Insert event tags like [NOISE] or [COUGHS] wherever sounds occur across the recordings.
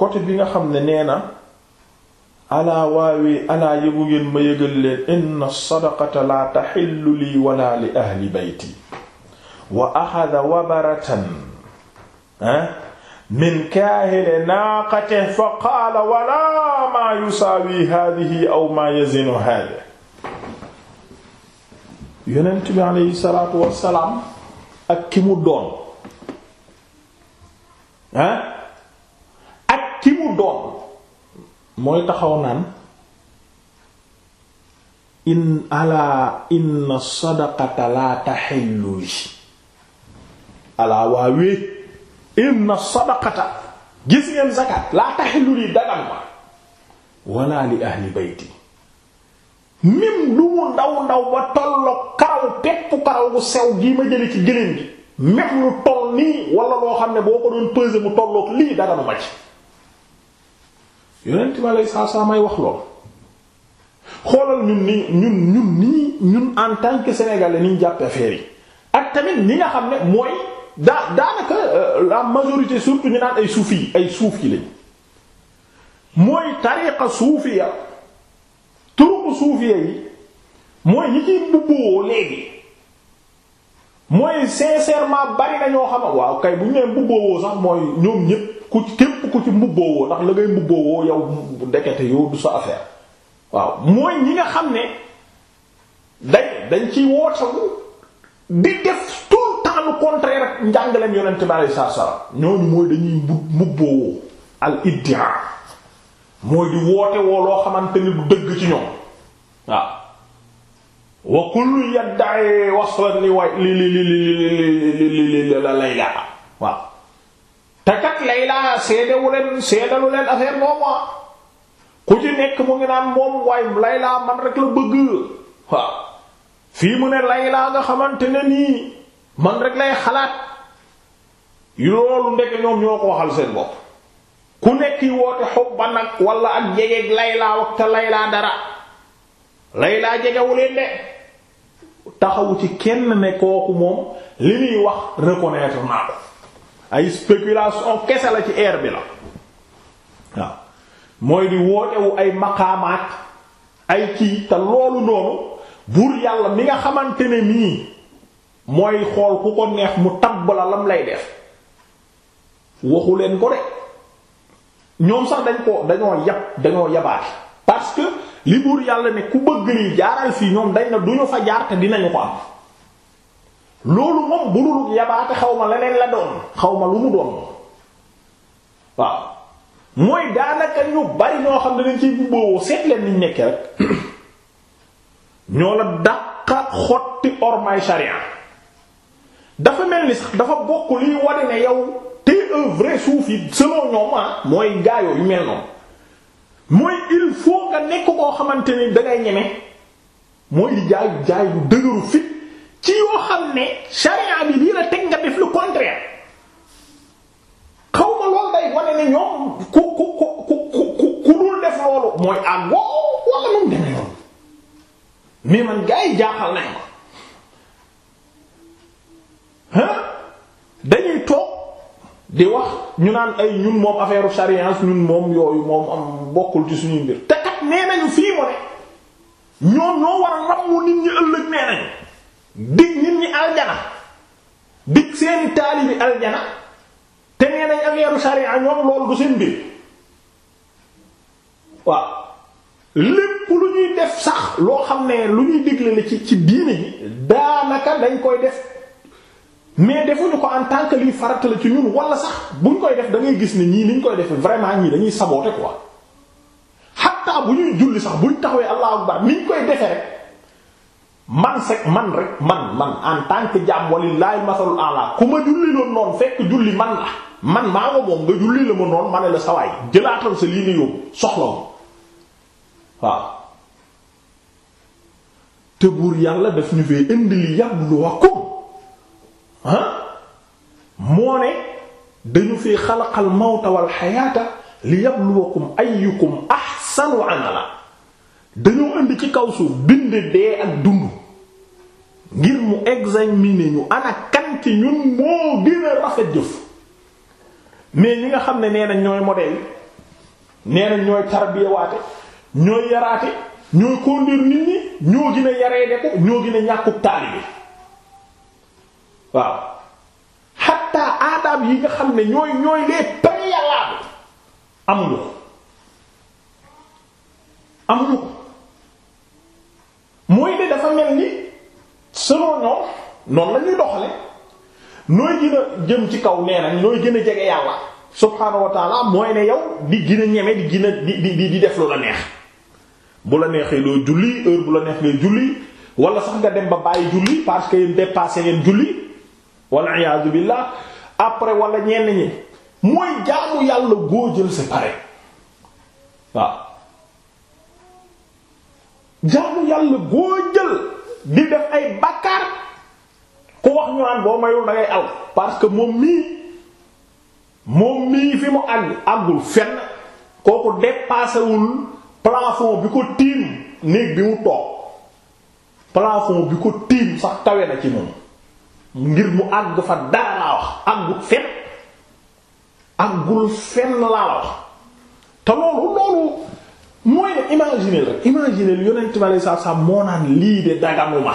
côté bi nga xam ne nee na alaa waawee alaa yëgu ngeen ma yëgal leen inna sadaqata laa taxillu lii wala li ahli bayti wa axada wabaratan ah min kaahile naaqate fa qaala wala maa yusaawi haadihi aw maa yazinu haadihi yonent bi aleyhi salaatu wassalaam ak ki mu doon ah doon taxaw naan in alaa inna sadaqata laa taxillu alaa li ahli bayti mim lu ndaw ndaw ba tollo karaw pepp karaw gu sew gii ma jële ci gëléem gi même lu toll nii wala loo xam ne boo ko doon peser mu tolloog lii dara ma ci yonent bi aleyhi salaatu salaam ay wax lool xoolal ñun ni ñun ñun nii ñun en tant que sénégalais ni ñu jàppe affaire yi ak tamit ñi nga xam ne mooy daa daanaka euh, la majorité surtout ñu naan ay suufi ay suufi lañ mooy tariqa suufiya turuq suufiya yi mooy ñi ciy mbubboo léegi mooy sincèrement bari na ñoo xam waaw kay bu ñu nee mbubboo sax mooy ñoom ñépp ku képp ku ci mbubboo woo ndax la ngay mbubboo woo yow bu ndekete yow du sa affaire waaw mooy ñi nga xam ne dañ dañ ciy wootawu di def tout le temps le contraire ak njàngaleem yonent bi alayhi salaatu mooy dañuy mbubboo woo al iddia mooy di woote woo loo xamante ni du dëgg ci ñoom waaw wa kullu yadda'i waslan li way li li li li li li la lay laa waaw te kat Layla seedewu leen seedalu leen affaire boobu ku ci nekk mu ngi naan moom waaye Layla man rek la bëgg waaw fii mu ne Layla nga xamante ne nii man rek lay xalaat loolu ndekk ñoom ñoo ko waxal seen bopp ku nekk yi woote xob ba nag wala ak jegeeg Layla waxta Layla dara Layla jegewu leen de taxawu ci kenn ne kooku moom li muy wax reconnaître naa ko ay spéculation kese la ci air bi la waaw mooy di wootewu ay maqaamaat ay kii te loolu noonu buur yàlla mi nga xamante ne nii mooy xool ku ko neex mu tabb la lam lay def waxu leen ko de ñoom sax dañ ko dañoo yab dañoo yabaat parce que li buur yàlla ne ku bëgg lii jaaral fii ñoom dañ na duñu fa jaar te dinañu ko am loolu moom bu dul yabaate xaw ma leneen la doon xaw ma lu mu doon waaw mooy daanaka ñu bari ñoo xam ne dañ ciy bubboo seet leen niñ rek [COUGHS] ñoo la dàqa xotti ormay sharia dafa mel ni sax dafa bokk liy ware ne yow te un vrai soufi selon ñoom ah, mooy gaayoo yu mel noonu mooy il faut nga nekk koo xamante ni dangay ñeme mooy di jaay jaay bu dëgëru fit ci yoo xam ne sharia bi lii la teg nga def lu contraire xaw ma loolu day wane ne ñoom ku ku ku ku ku ku dul def loolu mooy ànd woo wala moom deme noonu mais man gars jaaxal nañ ko ah dañuy toog di wax ñu naan ay ñun moom affaire sharia ñun moom yooyu moom am bokkul ci suñuy mbir te kat nee nañu fii mu ñoom ñoo war a ramu nit ñi ëllëg nee nañu. dig nit ñi aljana dig seeni taalibi aljana te nee nañ affaire sharia ñoom loolu du seen mbir waaw lépp lu ñuy def sax loo xam ne lu ñuy digle la ci ci diine ji daanaka dañ koy def mais defuñu ko en tant que liy farata la ci ñun wala sax buñ koy def dangay gis ni ñii niñ koy def vraiment ñii dañuy ko quoi hatta bu ñuy julli sax buñ taxawee allahu akbar niñ koy defe rek. man sek man rek man man en tant que jaam walilahi masalul ala ku ma julli loon noonu fekk julli man la man maa nga moom nga julli la ma noonu ma la sawaay jëlaatal sa lii nga yóbbu soxla waaw te buur yàlla daf ñu fee indi li yabluwakum ah moo ne dañu fi xalaqal mawta wal xayaata li yabluwakum ayyukum ahsanu amala dañoo indi ci kaw suuf bind dee ak dund ngir mu examiner ñu ana ci ñun moo gën a jëf mais ñi nga xam ne nee nañ ñooy modèle nee ñooy tarbiyewaate ñooy yaraate ñooy conduire nit ñi ñoo gën a yaree de ko ñoo gën a ñàkkub taalibe waaw xatta aadaab yi nga xam ne ñooy ñooy les préalables am nga ko am nga ko mooy ne dafa mel ni selon ñoom noonu la doxale nooy gën a jëm ci kaw nee nañ nooy gën a jege yàlla subhaanahu wa taala mooy ne yow di gën a ñeme di gën a di di di def lu la neex bu la neexee loo julli heure bu la neex ngay julli wala sax nga dem ba bàyyi julli parce que yéen dépassé ngeen julli wala iyaazu billah après wala ñenn ñi mooy jaamu yàlla goo jël c'est pareil waaw jaamu yàlla goo jël di def ay bàkkaar ku wax ñu naan boo mayul da al parce que moom mii moom mii fi mu àgg àggul fenn kooku dépassewul plafond bi ko tiim néeg bi mu toog plafond bi ko tiim sax kawe na ci moom ngir mu àgg fa dara laa wax àggul fenn àggul fenn laa wax te loolu loolu mooy ne imaginer rek imaginer yonent bi aleyhi salaatu salaam moo naan lii de daganuma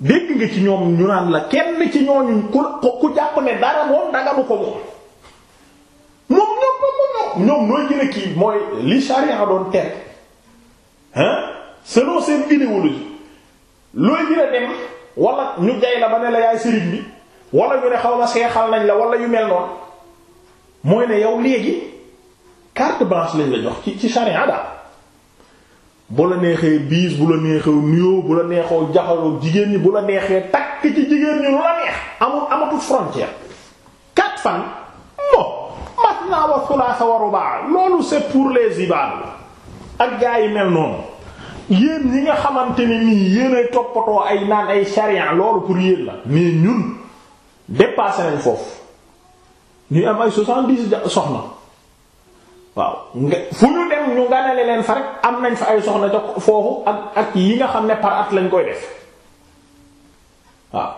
dégg nga ci ñoom ñu naan la kenn ci ñooñu ku ku jàpp ne dara moom ko moom moom ñoom moom ñoom ñooy gën a kii mooy li charia doon tere hein selon seen idéologie looy gën dem wala ñu jay la ba ne la yaay sëriñ bi wala ñu ne xaw ma seexal nañ la walla yu mel noonu mooy ne yow léegi. carte blanche lañ la jox ci ci charia daal bu la neexee biis bu la neexee nuyoo bu la neexoo jaxaroo jigéen ñi bu la neexee takk ci jigéen ñi lu la neex amul amatul frontière quatre fan mo matna wa thulaatha wa rubaa loolu c'est pour les ibaadu ak gaa yi mel noonu yéen ñi nga xamante ne nii yéen ay toppatoo ay naan ay charia loolu pour yéen la mais ñun dépassé nañ foofu ñuy am ay soixante-dix soxna waaw nga fu ñu dem ñu ganale leen fa rek am nañ fa ay soxna jot foofu ak ak yi nga xam ne par at lañ koy def waaw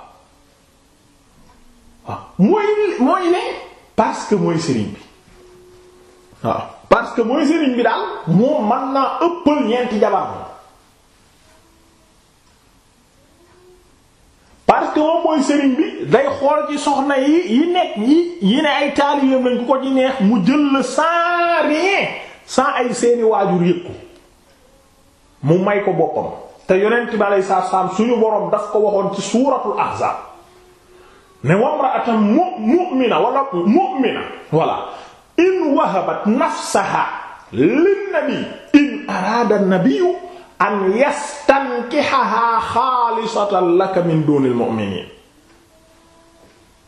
waaw mooy mooy ne parce que mooy sëriñ bi waaw parce que mooy sëriñ bi daal moom man naa ëppal ñeenti jabar que moom mooy sëriñ bi day xool ci soxna yi yi nekk yi yi ne ay taalibeem lañ ku ko ci neex mu jël la sans rien sans ay seeni waajur yëpp mu may ko boppam te yonent bi alayhi salaatu salaam suñu boroom daf ko waxoon ci suuratul ahzaab ne wamra'atan mu'mina wala mu'mina wala in wahabat nafsaha lin nabi in araada an an yastankihaha xaalisatan laka min dunil mu'minin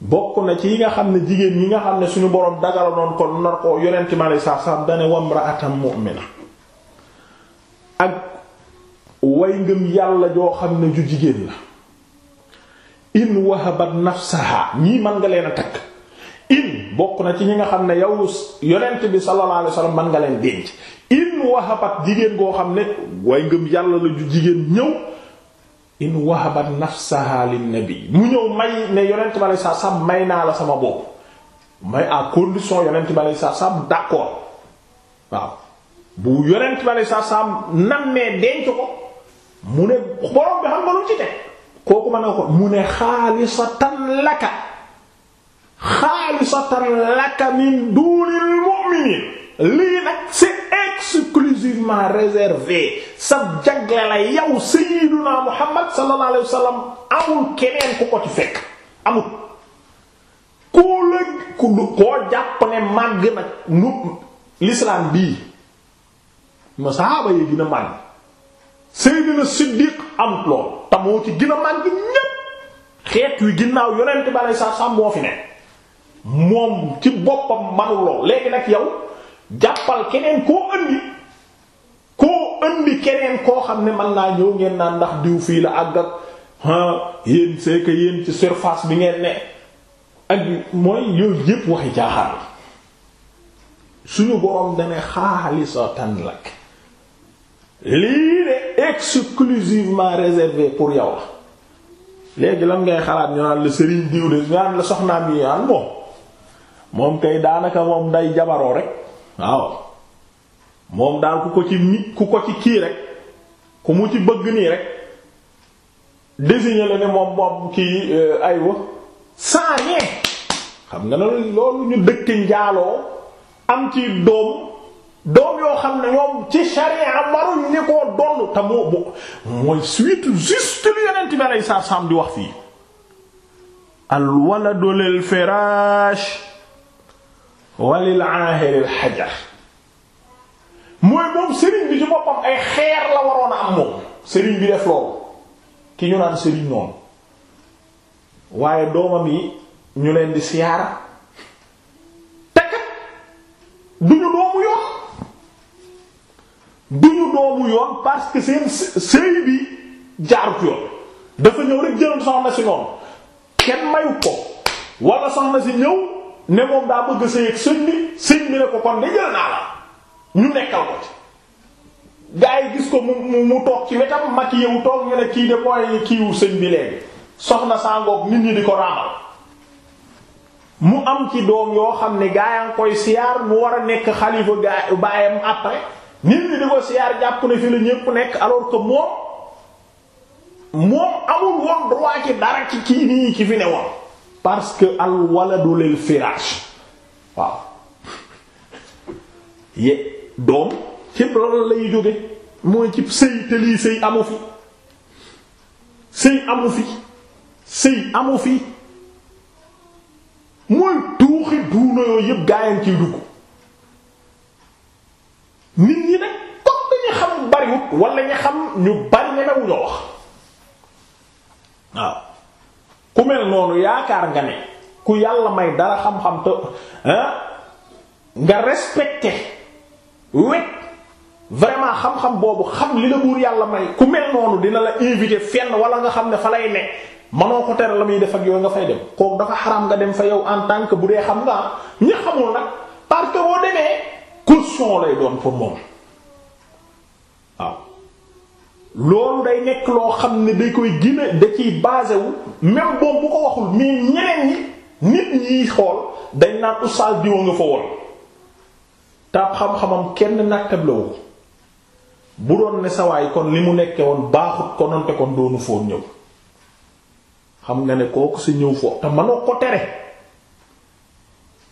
bokk na ci yi nga xam ne jigéen ñi nga xam ne suñu boroom dagala noon kon nar ko yonent mi alei satu salaam dane wamra'atan mu'mina ak way ngëm yàlla joo xam ne ju jigéen la in wahabat nafsaha ñii mën nga leen a takk in bokk na ci ñi nga xam ne yow yonent bi sallallahu alayhi wasallam man nga leen denc in wahabat jigéen goo xam ne way ngëm yàlla la ju jigéen ñëw in wahabat nafsaha lin bi mu ñëw may ne yonent bi alayhi salaam may naa la sama bopp may à condition yonent bi alayhi salaam d'accord waaw bu yonent bi alayhi salaam nammee denc ko mu ne borom bi xam nga lu ci kooku mën na ko mu ne xaalisatan laka xaalisatan laka min duunil mu'miniin lii nag c'est exclusivement réservé sa jagle la yow sayyiduna Muhammad sallallahu alayhi wasallam amul keneen ku ko ci fekk amul ku la ku koo jàpp ne màgg nag nu l'islam bii ma sahaaba yi gën màgg sayyidina Siddiq am lool te moo ci gën màgg ñépp xeet wi ginnaaw yonent bi alayhi salaam moo fi ne moom ci boppam malo léegi nag yow jàppal keneen koo andi koo andi keneen koo xam ne man naa ñëw ngeen naan ndax diw fii la àgg ak ah, yéen c'est que yéen ci surface bi ngeen ne ak mooy yooyu yépp waxi jaaxaar suñu boroom dane xaalisatan lak lii de exclusivement réservé pour yow léegi lan ngay xalaat ñu naan la Serigne diw de ñu naan la soxnaam yi ñu ah, moom moom kay daanaka moom day jabaroo rek waaw moom daal ku ko ci ni ku ko ci kii rek ku mu ci bëgg nii rek désigné la ne moom moom kii euh, aywa sans rien xam nga ne loolu ñu dëkk njaaloo am ci doom doom yoo xam ne ñoom ci sharia waruñ ni koo donn te moo bokk mooy suite juste lu yonent bi alayhi salaam di wax fii al waladu lil walil aahiril xajar mooy moom sëriñ bi ci boppam ay xeer la waroon a am moom sëriñ bi def loolu ki ñu naan sëriñ noonu waaye doomam yi ñu leen di siyaara tekat duñu doomu yoon duñu doomu yoon parce que seen sëy bi jaarut yoon dafa ñëw rek jëloon na si noonu kenn mayu ko wala soxna si ñëw ne moom daa bëgg sëy ak sëñ bi sëñ bi ne ko kon de jël naa la ñu nekkal ko ci gaa yi gis ko mu mu toog ci wetam mag yewu toog ñu ne kii de mooy kiiwu sëñ bi léegi soxna sangoog nit ñi di ko raamal mu am ci doom yoo xam ne gaa yaa ngi koy siyaar mu war a nekk xalifa gaa baayam après nit ñi di ko siyaar jàpp ne fi la ñépp nekk alors que moom moom amul woon droit ci dara ci kii nii ci fi ne woon parce que al waladu lil firaash waaw ye doom ci loolu lay jóge mooy ci sëy te sëy amu fi sëy amu fi sëy amu fi mooy tuuxi duuna yooyu yëpp gaayam ciy dugg nit ñi nag comme dañu xam bariwut wala ñu xam ñu bari ñemewuñoo wax waaw ku mel noonu yaakaar nga ne ku yàlla may dara xam-xam te nga respecté wet vraiment xam-xam boobu xam li la buur yàlla may ku mel noonu dina la invité fenn wala nga xam ne fa lay ne manoo ko tere la muy def ak yooyu nga fay dem kooku dafa xaram nga dem fa yow en tant que bu dee xam nga ñi xamul nag parce que boo demee caution lay doon pour moom waaw. loolu day nekk loo xam ne da koy gina da ciy basé wu même boobu bu ko waxul mais ñeneen ñi nit ñiy xool dañ naan oustaz diwa nga fa woon taab xam-xamam kenn nattablewul bu doon ne sawaay kon li mu nekkee woon baaxut kononte kon doonu foo ñëw xam nga ne kooku si ñëw foofu te mënoo ko tere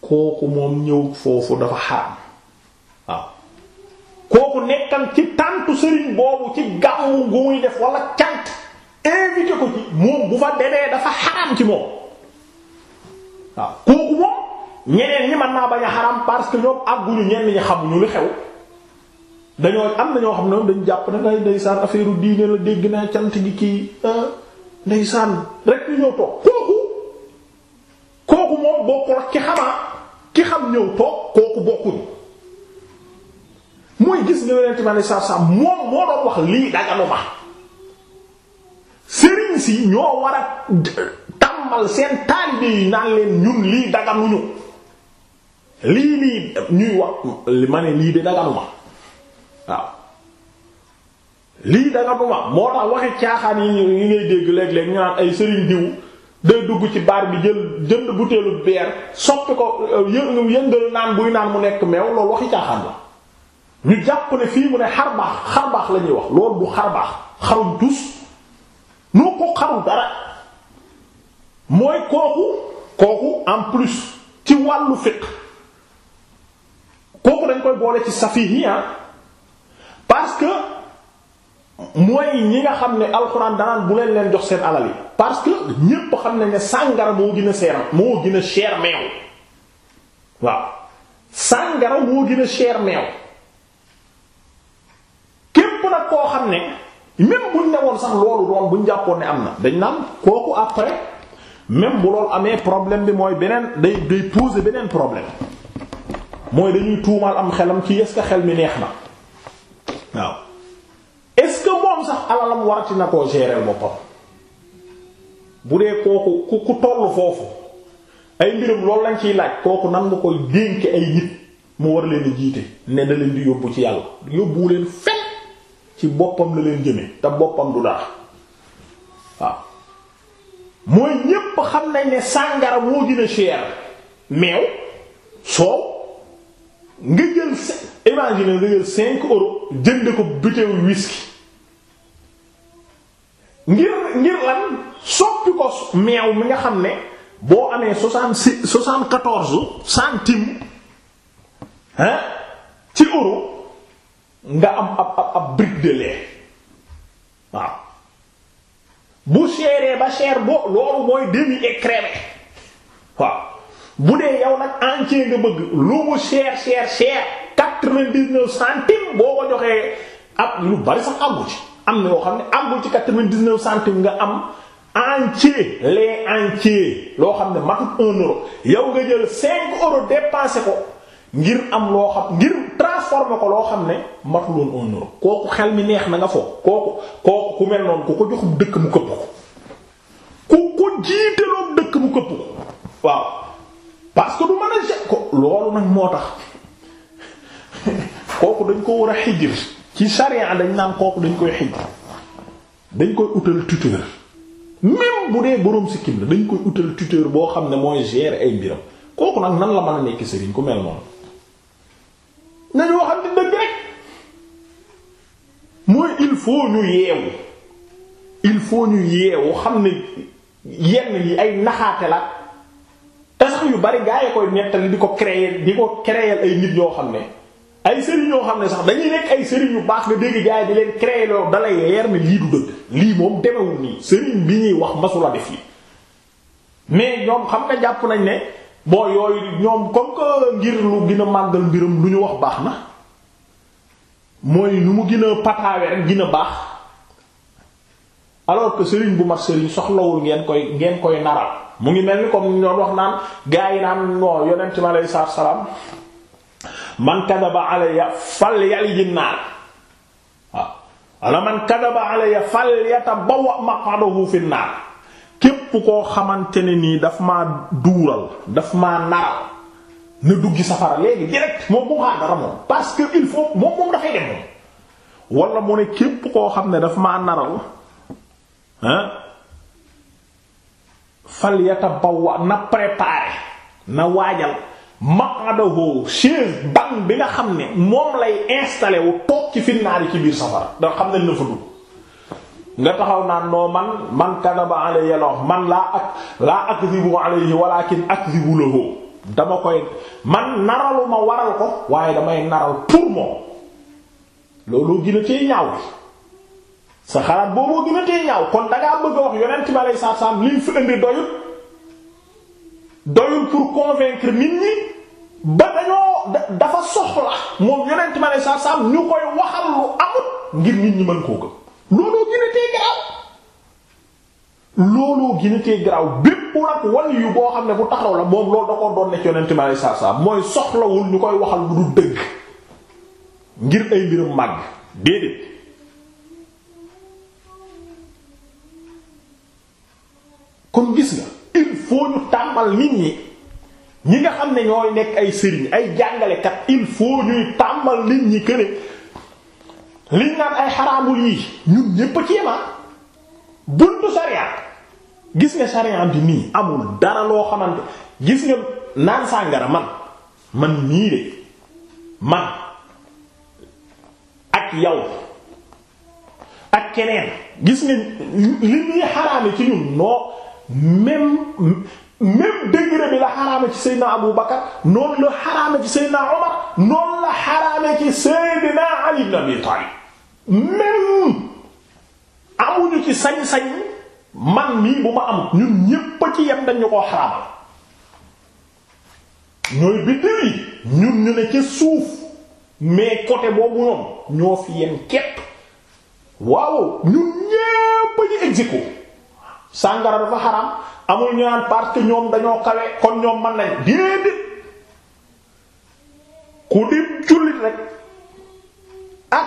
kooku moom ñëw foofu dafa xaram boobu nekkan ci tàntu sëriñ boobu ci gàmmu gu muy def wala cant invité ko ci moom bu fa demee dafa xaram ci moom waaw kooku moom ñeneen ñi mën naa bañ a xaram parce que ñoom àgguñu ñenn ñi xamuñu lu xew dañoo am na ñoo xam ne moom dañ jàpp ne ay ndeysaan affaire diine la dégg naa cant gi kii ah, ndeysaan rek ñu ñëw toog kooku kooku moom bokkul ak ki xamaa ki xam ñëw toog kooku bokkuñu mooy gis nga yonent bi aleyhi salaatu salaam moom moo doon wax lii daganu sëriñ si ñoo war a tàmmal seen taalibe yi naan leen ñun lii daganuñu lii nii ñuy wax ma ne lii de daganu ma waaw lii daganu moo tax waxi caaxaan yi ñu ngay dégg léeg-léeg ñu naan ay sëriñ diw day dugg ci baar bi jël jënd butéelu beer soppi ko yëngal naan buy naan mu nekk meew loolu waxi caaxaan la ñu jàpp ne fii mu ne xar baax xar baax la ñuy wax loolu bu xar baax xaruñ tus noo ko xaru dara mooy kooku kooku en plus ci wàllu fiqh kooku dañ koy boole ci safihi ah, parce que mooy ñi nga xam ne alxuraan danaan bu leen leen jox seen alal yi parce que ñépp xam ne ne sàngara moo gën a seer moo gën a cher meew waaw sàngara moo gën a cher meew a koo xam ne même buñ ne woon sax loolu doon buñ jàppoon ne am na dañ naan kooku après même bu loolu amee problème bi mooy beneen day day poser beneen problème mooy dañuy tuumaal am xelam ci est xel mi neex na waaw est-ce que moom sax alalam warati na koo gérer boppam bu dee kooku ku ku tollu foofu ay mbirum loolu lañ ciy laaj kooku nan nga koy dénk ay nit mu war leen a jiite ne da di yóbbu ci yàlla yóbbuwu leen fen ci boppam la leen jëme te boppam du dara waaw mooy ñépp xam nañ ne sàngara moo gën a cher meew soow nga jël imagine nga jël cinq euros jënd ko butéelu whisky ngir ngir lan soppi ko meew mi nga xam ne boo amee soixante-six soixante-quatorze centimes hein ci euro nga am ab ab ab brique de lait waaw bu seeree ba cher bo loolu mooy demi écrémé waaw bu dee yaw nag entier nga bëgg lu mu seer seer seer quatre-vingt-dix-neuf centimes boo ko joxee ab lu bari sax àggu ci am na yoo xam ne àggul ci quatre-vingt-dix-neuf centimes nga am entier lait entier loo xam ne matut un euro yow nga jël cinq euros dépensé ko ngir am loo xam ngir transformé ko loo xam ne matuloon un euro kooku xel mi neex na nga foog kooku kooku ku mel noonu ku ko joxum dëkk mu këpp ko ku ko jiiteloon dëkk mu këpp ko waaw parce du mën a jël ko loolu nag moo tax [LAUGHS] kooku dañ ko war a xijir ci charia dañ naan kooku dañ koy xijir dañ koy utal tuteur même bu dee boroom sikkim la dañ koy utal tuteur boo xam ne mooy gérer ay mbiram kooku nag nan la mën a nekk sëriñ ku mel noonu nañu waxante dëgg rek mooy il faut ñu yeewu il faut ñu yeewu xam ne yenn yi ay naxaate la te sax yu bari gaa yi koy nettali di ko créer di ko créer ay nit ñoo xam ne ay sëriñ ñoo xam ne sax dañuy nekk ay sëriñ yu baax nga dégg gaa yi leen créer loolu dalay leer ne lii du dëgg lii moom demewul nii sëriñ bi ñuy wax masula def yi mais ñoom xam nga jàpp nañ ne bon yooyu ñoom comme que ngir lu gën a màggal mbiram lu ñu wax baax na mooy lu mu gën a pataawe rek gën baax alors que sëriñ bu mat sëriñ soxlawul ngeen koy ngeen koy naral mu ngi mel ni comme ñoom wax naan gaa yi naan non yonent mi aleyhi salaatu salaam man kadaba alayya fal yalijin naar waaw wala man kadaba ya fal yatabawwa maq'adahu fin naar képp koo xamante ne nii daf maa duural dafa maa naral na duggi safara léegi direct moom bu xaar dara moom parce que il faut moom moom dafay dem moom wala mu ne képp koo xam ne dafa maa naral hein fal yatabawwa na préparer na waajal maqadahu chaise ban bi nga xam ne moom lay installer wu toog ci finnaari ci biir safara da xam ne na fa dugg nga taxaw naan noo man man kadaba alayya la wax man laa ak laa akzibu alayhi walakin akzibu lahu dama koy man naraluma waral ko waaye damay naral pour moom looloo gën a tee sa xalaat booboo gën ñaaw kon dangaa bëgg a wax yonent bi alayhi salaatu salaam liñ fi indi doyul doyul pour convaincre nit ñi ba dañoo dafa soxla moom yonent bi alayhi salaatu salaam ñu koy waxal lu amut ngir nit ñi mën koo gëm looloo gën a tee looloo gën a bépp nag wàll yu boo xam ne bu taxaw la moom loolu da ko doon nekk yonent ma saab saab mooy soxlawul ñu koy waxal lu du dëgg ngir ay mbiram màgg déedéet kon gis nga il faut ñu tàmbal nit ñi ñi nga xam ne ñooy nekk ay sëriñ ay jàngalekat il faut ñuy tàmbal nit ñi que liñ naan ay xaraamul yii ñun ñépp a ci yema buntu sariya gis nga sariya bi nii amul dara loo xamante gis nga naan sàngara man man nii de man ak yow ak keneen gis nga li ñuy xaraame ci ñun noo même même degré la xaraame ci Seydina Abu Bakar noonu la xaraame ci Seydina Omar noonu la xaraame ci Seydina Ali ibn Abi Talib même amuñu ci sañ-sañ man mii bu ma am ñun ñépp ci yem dañu ko xaraamal ñooy biddiw yi ñun ñu ne ci suuf mais côté boobu ñoom ñoo fi yem képp waaw ñun ñépp a ñu exéco sàngara dafa xaraam amul ñu naan parce que ñoom dañoo kawe kon ñoom man nañ déedéet ku di jullit rek ak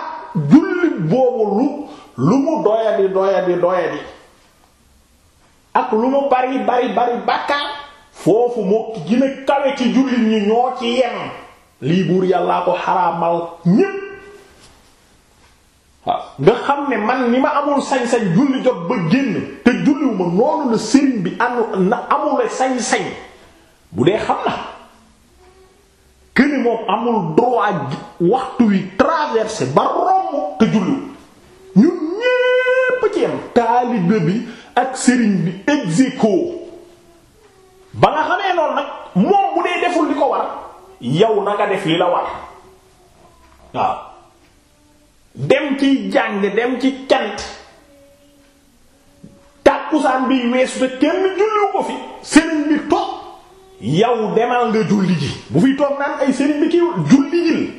jullit boobu lu lu mu doyadi doyadi doyadi ak lu mu bari bari bari bàkkaar foofu moo ki kawe ci jullit ñi ñoo ci yem lii buur yàllaa ko xaraamal ñépp nga xam ne man ni ma amul sañ-sañ julli jot ba génn te julliwuma noonu la sëriñ bi anu sañ-sañ bu dee xam na këni moom amul droit waxtu wi traversé ba romb te jullu ñun ñépp ci yam taalibe bi ak sëriñ bi exéco ba nga xamee noonu nag moom bu dee deful li ko war yow na nga def li la war waaw dem ci jàng dem ci cant tàkkusaan biy weesu te kenn julliwu ko fi sëriñ bi toog yow demal nga julli ji bu fi toog naan ay sëriñ bi kii julli ji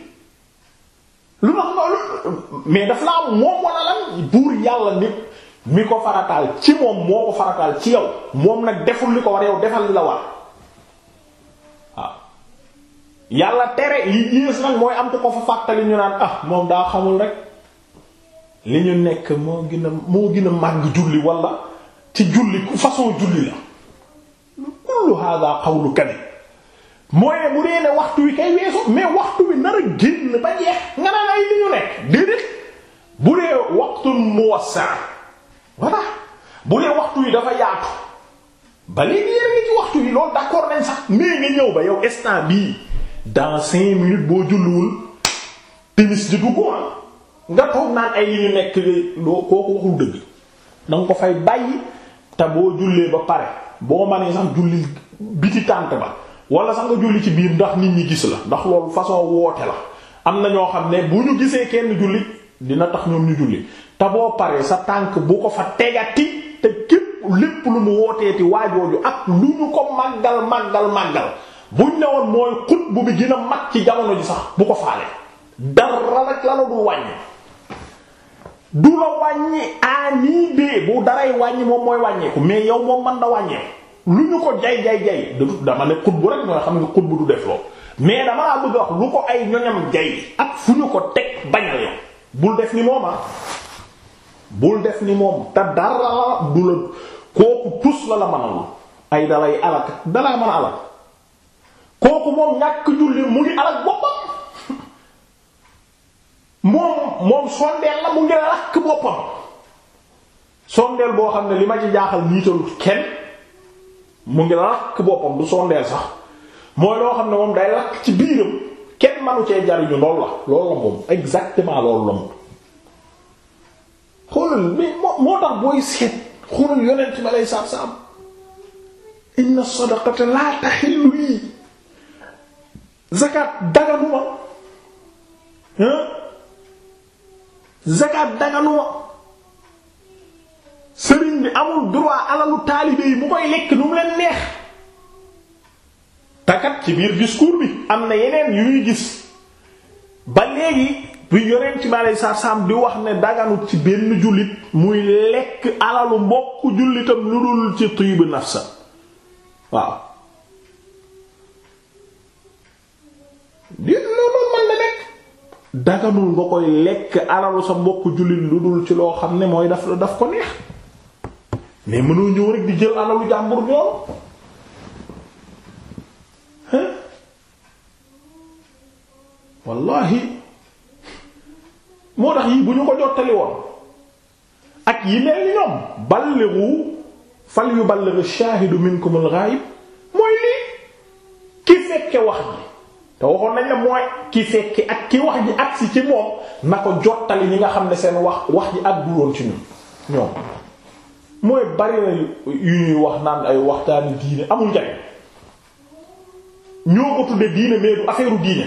lu tax loolu mais daf laa moom wala lan buur yàlla nit mi ko farataal ci moom moo ko farataal ci yow moom nag deful li ko war yow defal li la war yàlla tere li yées nag mooy am ko ko fa fàttali ñu naan ah moom daa xamul rek li ñu nekk moo gën a moo gën a màgg julli wala ci julli façon julli la kullu hada qawlu kadib mooy bu dee ne waxtu wi kay weesu mais waxtu wi nar a génn ba jeex nga naan ay li ñu nekk déedéet bu dee waxtu muwassa voilà bu dee waxtu wi dafa yaatu ba léegi nga ñëw ba yow instant bii dans cinq minutes boo julliwul timis di dugg ah, nga toog naan ay li ñu nekk loo kooku waxul dëgg danga ko fay bàyyi. te boo jullee ba pare boo mënee sax julli biti tànk ba wala sax nga julli ci biir ndax nit ñi gis la ndax loolu façon woote la am na ñoo xam ne bu ñu gisee kenn julli dina tax ñoom ñu julli te boo paree sa tànk bu ko fa tegati te képp lépp lu mu wooteeti waajooju ak lu ñu ko màggal màggal màggal buñ ne woon mooy xut bu bi gën a mag ci jamono ji sax bu ko faale dara rek la la du wàññi du la wàññi ani bee bu daray wàññi moom mooy wàññeeku mais yow moom man da wàññeeku lu ñu ko jay jay jay dama ne xutbu rek mooy xam nga xutbu du def loolu mais dama laa bëgg wax lu ko ay ñoñam jay ak fu ñu ko teg bañ la yow bul def ni moom ah bul def ni moom te dara du la kooku tus la la manal ay dalay alak dalaa mën a alak kooku moom ñàkk julli mu ngi alak boppam moom moom sondeel la mu ngi lakk boppam sondeel boo xam ne li ma ci jaaxal niitalut kenn mu ngi lakk boppam du sondeel sax mooy loo xam ne moom day lakk ci biiram kenn manu cee jariñu lool la loolu la moom exactement loolu la moom xoolal mais moo tax booy seet xoolal yonent ma lay saab saab inna sadaqata laa taxillu lii zakat daganuma hein zakat dagano sëriñ bi amul droit alalu taalibe yi mu koy lekk nu mu leen neex takat ci biir discours bi am na yeneen yu ñuy gis ba léegi bu yonent bi aleyhi salaatu salaam di wax ne daganut ci benn jullit muy lekk alalu mbokku jullitam lu dul ci tiib nafsa waaw di loolu mën na daganul nga koy lekk alalu sa mbokk jullit lu dul ci loo xam ne mooy daf daf ko neex mais mënoo ñëw rek di jël alalu jàmbur ñoom wallahi moo tax yii bu ñu ko jottali woon ak yi mel ni ñoom ballighu fal yuballigh ash-shahidu minkum al mooy lii ki fekke wax ji te waxoon nañ la mooy ki fekki ak ki wax ji agsi ci moom na ko jottali ñi nga xam ne seen wax wax ji ak duloon ci ñun ñoom mooy bari na yu ñuy wax naan ay waxtaani diine amul njariñ ñoo ko tudde diine mais du affaire diine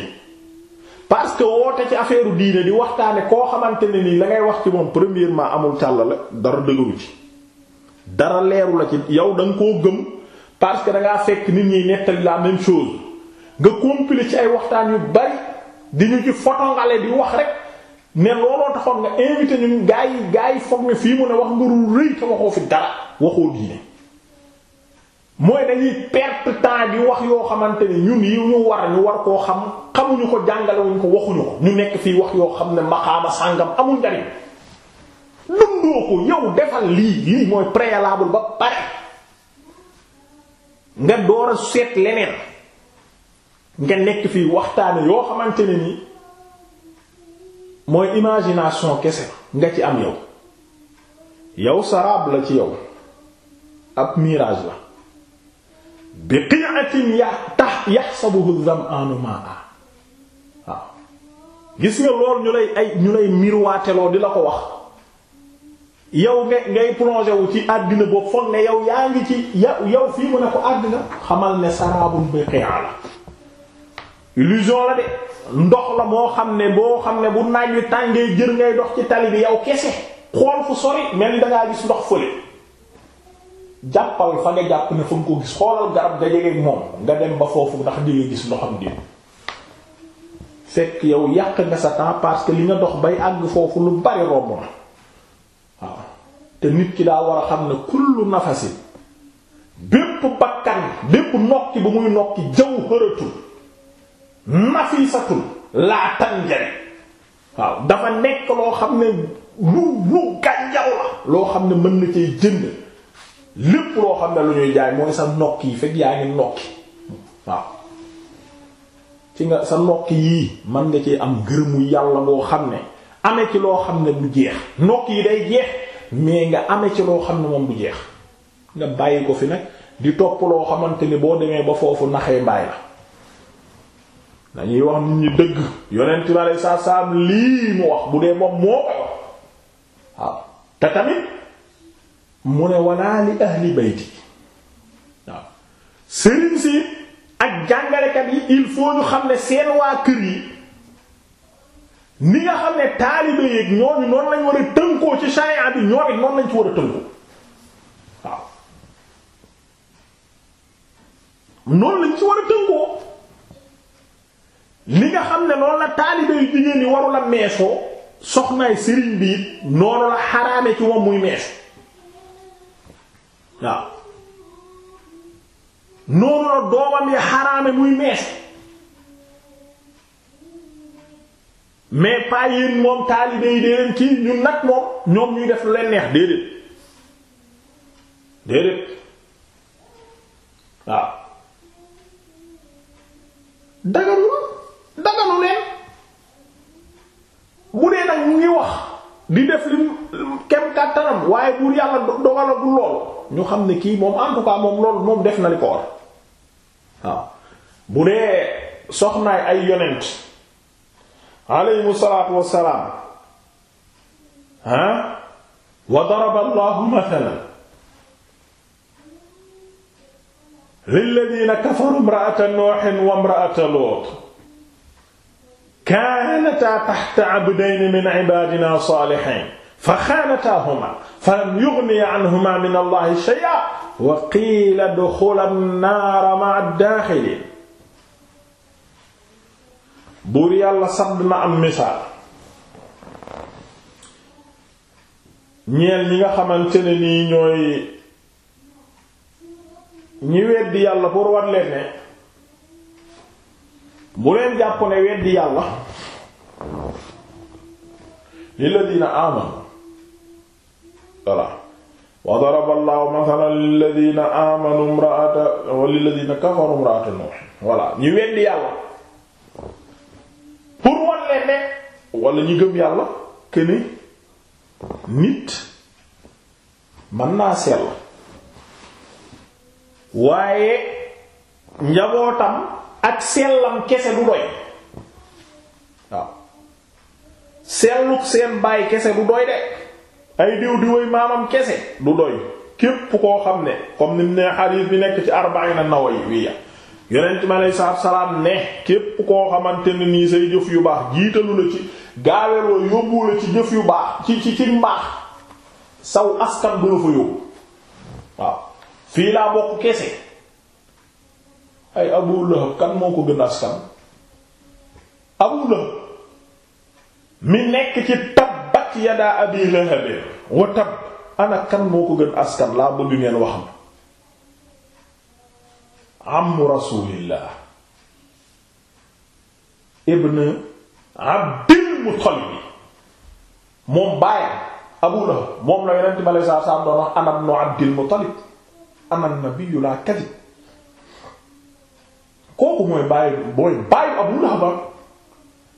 parce que woote ci affaire diine di waxtaane koo xamante ni nii la ngay wax ci moom premièrement amul càll la dara dëgëru ci dara leeru la ci yow da nga koo gëm parce que da ngaa fekk nit ñi nettali laa même chose nga compiler ci ay waxtaan yu bari di ñu ci fotongale di wax rek ne looloo taxoon nga invité ñun gaa yi gaa yi foog ne fii mu ne wax nga lu rëy te waxoo fi dara waxoo diine mooy dañuy perte temps di wax yoo xamante ne ñun yi ñu war ñu war koo xam xamuñu ko jàngalewuñ ko waxuñu ko ñu nekk fii wax yoo xam ne maxaama sàngam amul njariñ dundoo ko yow defal lii lii mooy préalable ba pare nga door a seet leneen nga nekk fii waxtaane yoo xamante ne nii mooy imagination kese nga ci am yow yow saraab la ci yow ab mirage la bi qi'atin ya tax yaxsabuhu dham'anu ma'a waaw gis nga lool ñu lay ay ñu lay miroiteloo di la ko wax yow nga ngay plongé wu ci àddina boo foog ne yow yaa ngi ci yow fii mu ne ko àddina xamal ne saraabun bi la illusion la de ndox la moo xam ne boo xam ne bu naaj wi tàngee jër ngay dox ci tali bi yow kese xool fu sori mel dangaa gis ndox fële jàppal fa nga jàpp ne fa nga ko gis xoolal garab nga jege moom nga dem ba foofu ndax jege gis ndoxam di fekk yow yàq nga sa temps parce que li nga dox bay àgg foofu lu bari romb na waaw te nit ki daa war a xam ne kullu nafasi bépp bakkan bépp nokki bu muy nokki jaww xëratu nafisatun laa tanjari waaw dafa nekk loo xam ne lu lu gànjaw la loo xam ne mën na cee jënd lépp loo xam ne lu ñuy jaay mooy sa nokk yi fekk yaa ngi waaw ci nga sa nokk yii mën nga ci am gërëmu yàlla loo xam ne ame ci loo xam ne du jeex nokk yi day jeex mais nga ame ci loo xam ne moom bu jeex nga bàyyi ko fi nag di topp loo xamante ni boo demee ba foofu naxee mbaay la dañuy wax nit ñi dëgg yonent bi aleyhi salaatu salaam lii mu wax bu dee moom moo ko waaw te tamit mu ne walaa li ahli bayti waaw sëriñ si ak jàngalekat yi il faut ñu xam ne seen waa kër yi ni nga xam ne taalibe yeeg ñooñu noonu lañ war a tënkoo ci sharia bi ñoo it noonu lañ ci war a tënkoo waaw noonu lañ ci war a tënkoo li nga xam ne loolu la taalibe yu jigéen ñi waru la meesoo soxnaay sëriñ bi it noonu la xaraame ci moom muy meesu waaw noonu la doomam yi xaraame muy meesu mais pas yéen moom taalibe yi déedéet kii ñun nag moom ñoom ñuy def lu neex déedéet déedéet waaw dagarul daganu leen bu dee nag mu ngi wax di def lim kem kàttanam waaye buur yàlla dogalagul lool ñu xam ne kii moom en tout moom loolu moom def na li ko war waaw bu dee soxnaay ay yonent aleyhimu salaatu wassalaam ha ah, wa daraba allahu mathalan lilladina kafaru imra'ata nuuhin wa imra'ata luut kaanataa taxta abdayni min ibaadina saalihiin fa xaanataahumaa falam yughniyaa anhumaa min Allahi shay'an wa qiila udxulaa nnaara ma'a daaxiliin buur yàlla sadd na am misaal ñeel ñi nga xamante ne nii ñooy ñi weddi yàlla pour war leen ne bu leen jàpp ne weddi yàlla lilladina amanu voilà wa daraba allahu mathalan lilladina amanu imra'ata wa lilladina kafaru imra'ata nuh voilà ñu weddi yàlla pour wan leen ne wala gëm yàlla que nit mën naa sell waaye njabootam ak sellam kese du doy waaw selluk seen bàyyi kese du doy de ay diw diwéy maamam kese du doy képp koo xam ne comme ni ne xadiis bi nekk ci arba'ina nawawi yonent mi aleyhi salaatu salaam ne képp koo xamante ne say jëf yu baax jiitalu la ci gaaweloo yóbbu la ci jëf yu baax ci ci ci mbaax saw askan du la fa yóbbu waaw fii laa bokk kese ay Abu Lahab kan moo ko gën askan Abu Lahab mi nekk ci tabbat yadaa abi Lahab wa tab ana kan moo ko gën askan laa bëgg ngeen wax ma am rasulillah ibn Abdil Muttalib moom baayam Abu moom la yonent bi sallallahu alayhi wa sallam ana ibn Abdil Muttalib ana nabiyyu laa kadhib kooku mooy bàyyi booy bàyyi Abu Lahab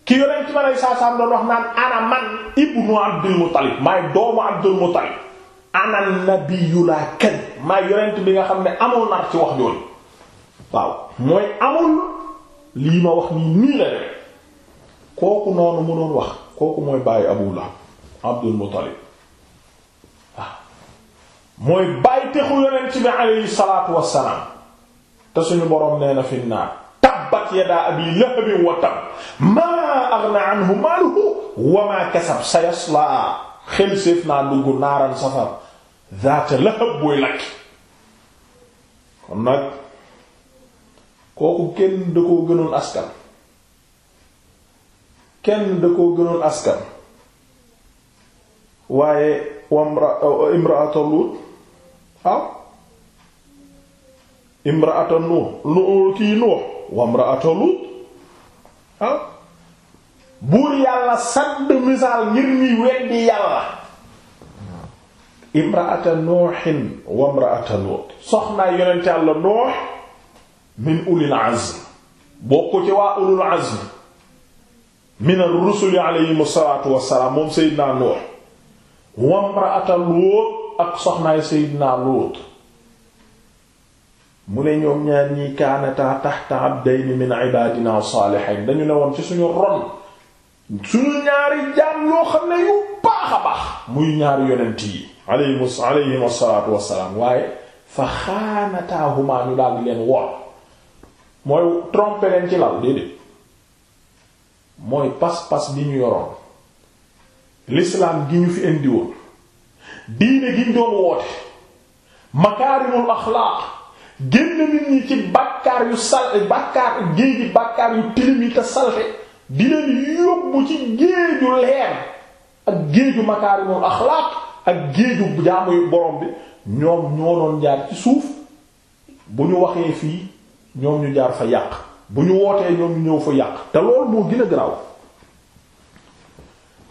ki yonent ci ma lay saa doon wax naan ana man ibnu Abdul Muttalib maay doomu Abdul Muttalib ana nabiyyu laa kadhib maay yonent bi nga xam ne amul nar ci wax joon waaw mooy amul lii ma wax nii nii la de kooku noonu mu doon wax kooku mooy bàyyi Abu Lahab Abdul Muttalib waaw mooy bàyyi texu yonent bi alayhi salaatu wassalaam te suñu boroom nee na tabbat yadaa abii lahabin wa tabb maa aghnaa anhu maaluhu wa maa kasab sayaslaa xel séef naa dugg naaran safar zaata lahab booy nag kooku kenn da koo gënoon askan kenn da koo gënoon askan waaye wamra imra'atu Luut ah imra'atu Nuux kii Nuux wa imra'atu Lut ah buur yàlla sadd misaal ngir weddi yàlla imra'ata Nuuhin wa imra'ata Lut soxnaa yonent yàlla Nuuh min ulil azm bokk waa ulul azm min ar-rusuli alayhim salaatu wassalaam moom Seydina Nuuh wa imra'ata Lut ak soxnaay Seydina Lut mu ne ñoom ñaar ñi kaanataa tahta abdayni min ibadina saalihiin dañu ne woon ci suñu ron suñu ñaari jaam yoo xam ne yu baax a baax muy ñaari yonent yi alayhim alayhim asalaatu wassalaam waaye fa xaanataahumaa ñu daal leen woon mooy tromper leen ci lal déedéet mooy pas-pas bi ñu yoroon l'islam gi ñu fi indiwoon diine gi ñu doon woote makaarimul axlaaq génn nit ñi ci bàkkaar yu salte bàkkaar géeji bàkkaar yu tilim yi te salte di leen yóbbu ci géeju leer ak géeju makaarimul axlaaq ak géeju jaamu yu borom bi ñoom ñoo doon jaar ci suuf bu ñu waxee fii ñoom ñu jaar fa yàq bu ñu wootee ñoom ñëw fa yàq te loolu moo gën a garaaw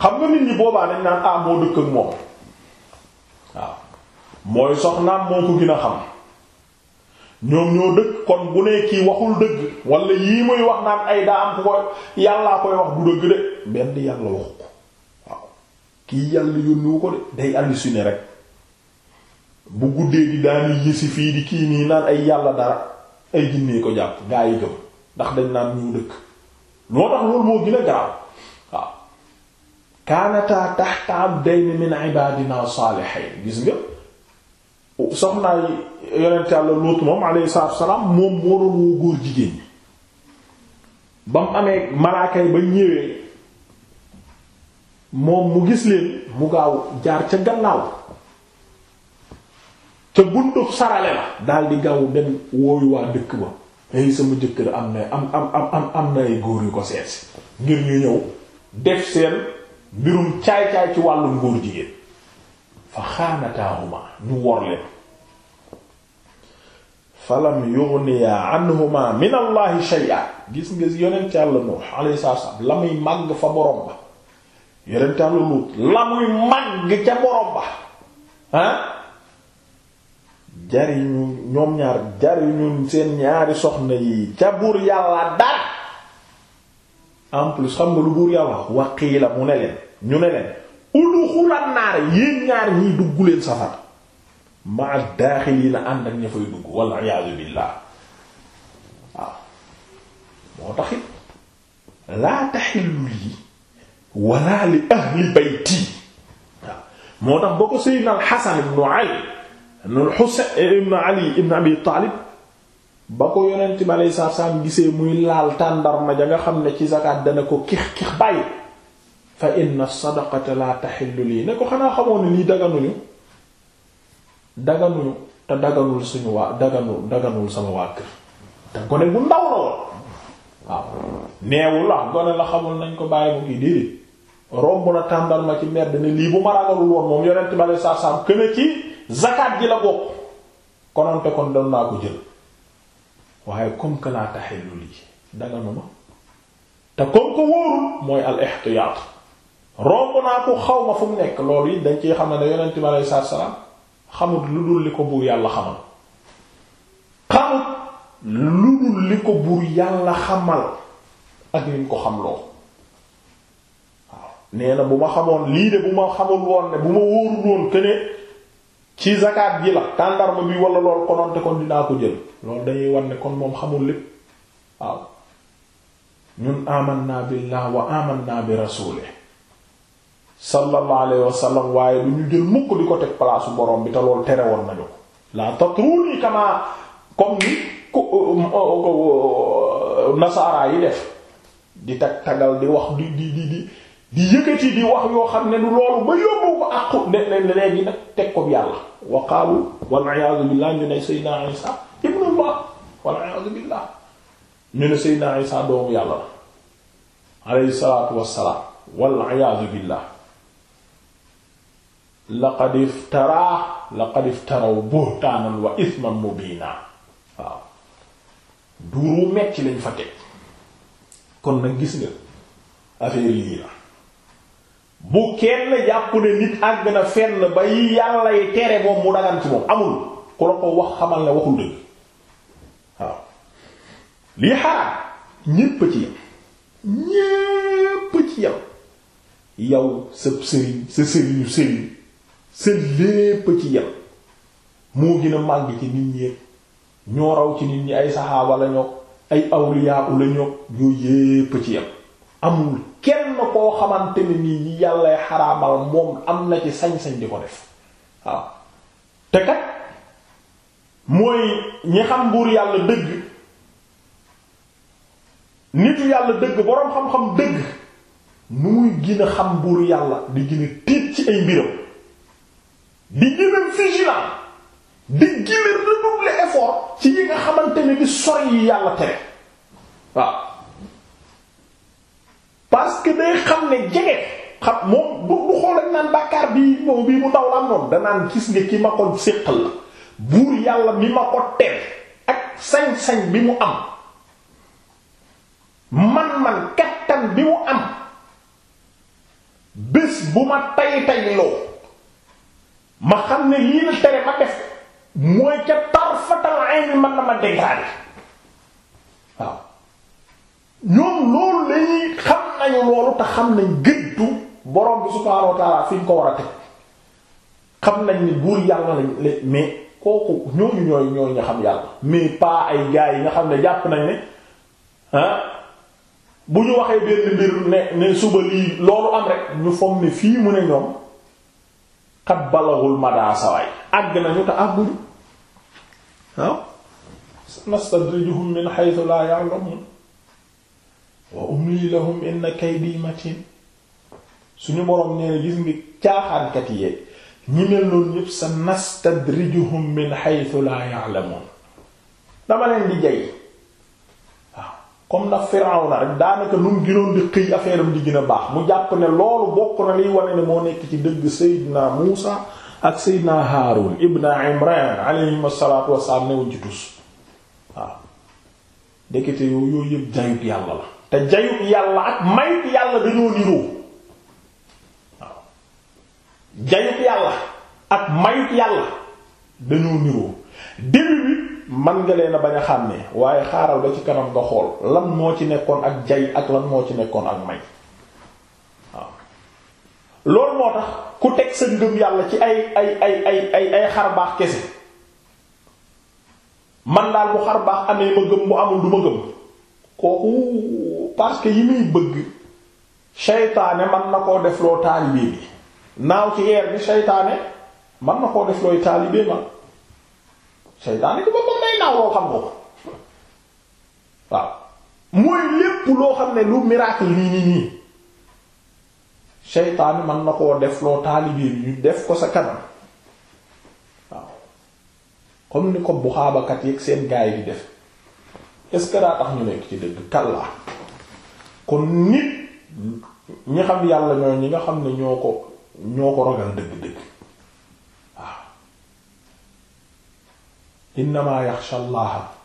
xam nga nit ñi boobaa dañ naan ah moo dëkk ak moom waaw mooy soxnaam moo ko gën a xam ñoom ñoo dëkk kon bu ne waxul dëgg walla yii muy wax naan ay daa am ko yàllaa koy wax du dëgg de benn yàlla waxu ko waaw kii yàlla yónniwu ko de day halluciné rek bu guddee di daani yësi fii di kii nii naan ay yàlla dara ay jinnee ko jàpp gaa yi ndax dañ naan ñu dëkk loo tax loolu moo gën a waaw kaanataa tahta abdayn min ibadina salihin gis nga soxnaay yonent yàlla Luut moom alayhi salaatu moom moo doon woo góor jigéen ñi ba mu amee malaaka yi ba ñëwee moom mu gis leen mu gaaw jaar ca gannaaw ca buntu sarale la daal gaaw dem wooyu waa dëkk ba ay sama jëkkër am na am am am am na ay góor yu ko seetsi ngir ñu ñëw def seen mbirum caay-caay ci wàllum góor jigéen fa xaanataahuma ñu wor leen falam yughniya anhuma min allahi shay'a gis nga yonent yàlla Nuux alayhi salaam la muy màgg fa borom ba yonent yàlla Luut la muy màgg ca borom ba ah jariñu ñoom ñaar jariñu seen ñaari soxna yi ca buur yàlla dara en plus xam nga lu buur yàlla waqiila mu ne leen ñu ne leen udxulan naar yéen ñaar ñiy dugg leen safara maa daaxiliina ànd ak ña fay dugg walla iyaazu billaah waaw moo taxit laa taxillu lii wala li ahli bayti waaw moo tax boo ko sayyidina al-Hasan Ali ibn Abi Taalib ba ko yonent bi alayhi salaatu salaam gisee muy laal tàndarma ja nga xam ne ci zakaat dana ko kix kix bàyyi fa inna sadaqata laa taxillu lii ne ko xanaa xamoon ne lii daganuñu daganuñu te daganul suñu waa daganul sama waa kër te gone bu ndaw la woon waaw neewul la gone la xamul nañ ko bàyyi mu kii déedéet romb ma ci merde ne lii bu ma ragalul woon ma lay saar-saam këne ci zakat ji la bokk kononte kon doon naa ko jël waaye comme que laa taxee lu lii daganu te comme que wóorul mooy al ihtiyaat naa ko xaw ma fu mu nekk loolu yi dañ ci xam ne ne yonent ma lay xamut lu dul li ko buur yàlla xamal xamut lu dul li ko buur yàlla xamal ak lim ko xam loo waaw nee na bu ma xamoon lii de bu ma xamul woon ne bu ma wóorul woon këne ci zakat ji la tàndarma bi wala lool kononte kon dinaa ko jël loolu dañuy wan ne kon moom xamul lépp waaw ñun amanna billah wa amanna bi rasulih sallallahu alayhi wa sallam waaye du ñu jël mukk di ko teg palaasu borom bi te loolu tere woon nañu ko la tatruni kama comme ni ko euh, euh, euh, nasaaraa yi def di tag tagal di wax di di di di di yëkkati di wax yoo xam ne du loolu ba yóbbu ko àqu ne ne léegi nag teg ko yàlla wa qaalu wal iyaadu billah ñu ne sayyidina Isa ñu ne sayyidina Isa doomu yàlla la alayhi salaatu wassalaam wal iyaadu billah laqad iftaraa laqad iftaraw buhtaanan wa isman mubiina waaw duuru metti lañ fa teg kon nag gis nga affaire yii la bu kenn jàpp ne nit àgg na fenn ba yàlla yi tere moom mu dagan ci moom amul ku la ko wax xamal ne waxul dëgg waaw lii xaraam ñépp ci yam ñépp ci yam yow sa sëriñ sa sëriñu sëriñ sa lépp ci yem moo gën a màgg ci nit ñi ñoo raw ci nit ñi ay saxaaba la ay awliya la ñoo yooyu yépp ci yem amul kenn koo xamante ne nii yi yàllay xaraamal moom am na ci sañ-sañ di ko def waaw te kat mooy ñi xam buur yàlla dëgg nitu yàlla dëgg boroom xam-xam dëgg nu muy gën xam buur yàlla di gën tiit ci ay mbiram di gën a vigilant di gën a redoubler effort ci yi nga xamante ne di sori yi yàlla tere waaw parce que day xam ne jege xam moom bu bu xoolee naan bàkkaar bii moom bii mu ndaw la am noonu danaan gis nga ki ma ko séqal la buur yàlla mi ma ko tere ak sañ-sañ bi mu am man-man kattan bi mu am bés bu ma tay tay loo ma xam ne lii la tere ma def mooy ca tarfatal ayni man na ma dégaale waaw ñoom loolu lañuy xam nañu loolu te xam nañ gëddu borom bi subhaanahu wa ta'aala xam nañ ni buur yàlla lañ mais kooku ñooñu xam yàlla mais ay gars yi nga xam ne jàpp nañ ah, bu ñu waxee benn mbir ne ne suba lii loolu am rek ñu foog ne fii mu ne ñoom. xat balawul madaa sawaay àgg nañu te àgguñu waaw nastadrijuhum min haythu la ya'lamun wa umli lahum inna kaydi matin suñu boroom nee na gis nga caaxaankat yi ñi mel noonu ñépp sa nastadrijuhum min haythu la ya'lamun dama leen di jay comme ndax Firawna rek daanaka nu mu gënoon di xëy affaire di gën baax mu jàpp ne loolu bokk na liy wane ne moo nekk ci dëgg Seydina Muusa ak Seydina Haarun ibn Imran alayhim asalaatu wasalaam newuñ ci tus waaw ndekete yooyu yëpp jayut yàlla la te jayut yàlla ak mayut yàlla dañoo niroo waaw man nga leen a bañ a xàmmee waaye xaaral ba ci kanam nga xool lan moo ci nekkoon ak jay ak lan moo ci nekkoon ak may loolu moo tax ku teg sa ngëm yàlla ci ay ay ay ay ay xar baax kese man daal bu xar baax amee ma amul du kooku parce yi muy bëgg man na koo def loo taalibee bi naaw ci yeer bi seytaane man na koo def looy taalibee ma seytaane ci boppam day naaw loo xam nga ko waaw mooy lépp loo xam ne lu miracle nii nii nii seytaane mën na koo def loo taalibee bi def ko sa kanam waaw ni ko buxaabakat yeeg seen gaay di def est-ce ñu kon nit ñi xam yàlla ñoo ñi nga xam ne ñoo ko ñoo ko ragal dëgg-dëgg innamaa yaxsha allaha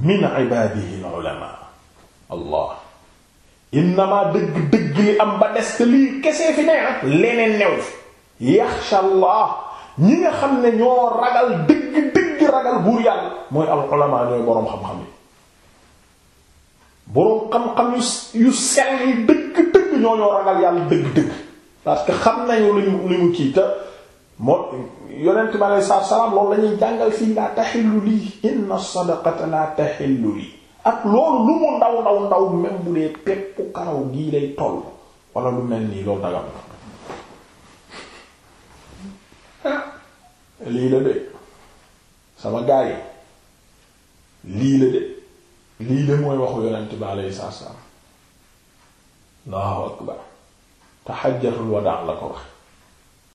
min ibaadihi allah innamaa dëgg-dëgg li am ba des lii kese fi ne leneen new yaxsha allah ñi nga xam ne ñoo ragal dëgg-dëgg ragal buur yàlla mooy al-ulamaa ñooy boroom xam-xam yi boroom xam-xam yu sell yi dëgg-dëgg ñoo ñoo ragal yàlla dëgg-dëgg parce que xam nañu lu mu kii te moo yonent bi alei salaatu salaam loolu la jàngal fii laa taxillu lii inna sadaqata laa taxillu lii ak loolu lu mu ndaw ndaw ndaw même bu dee pepp karaw gii lay toll wala lu mel nii loolu dagam lii la de sama gaa yi lii la de lii de mooy waxu yonent bi alei salaatu salaam Allahu akbar tahajjatul wadaa la ko wax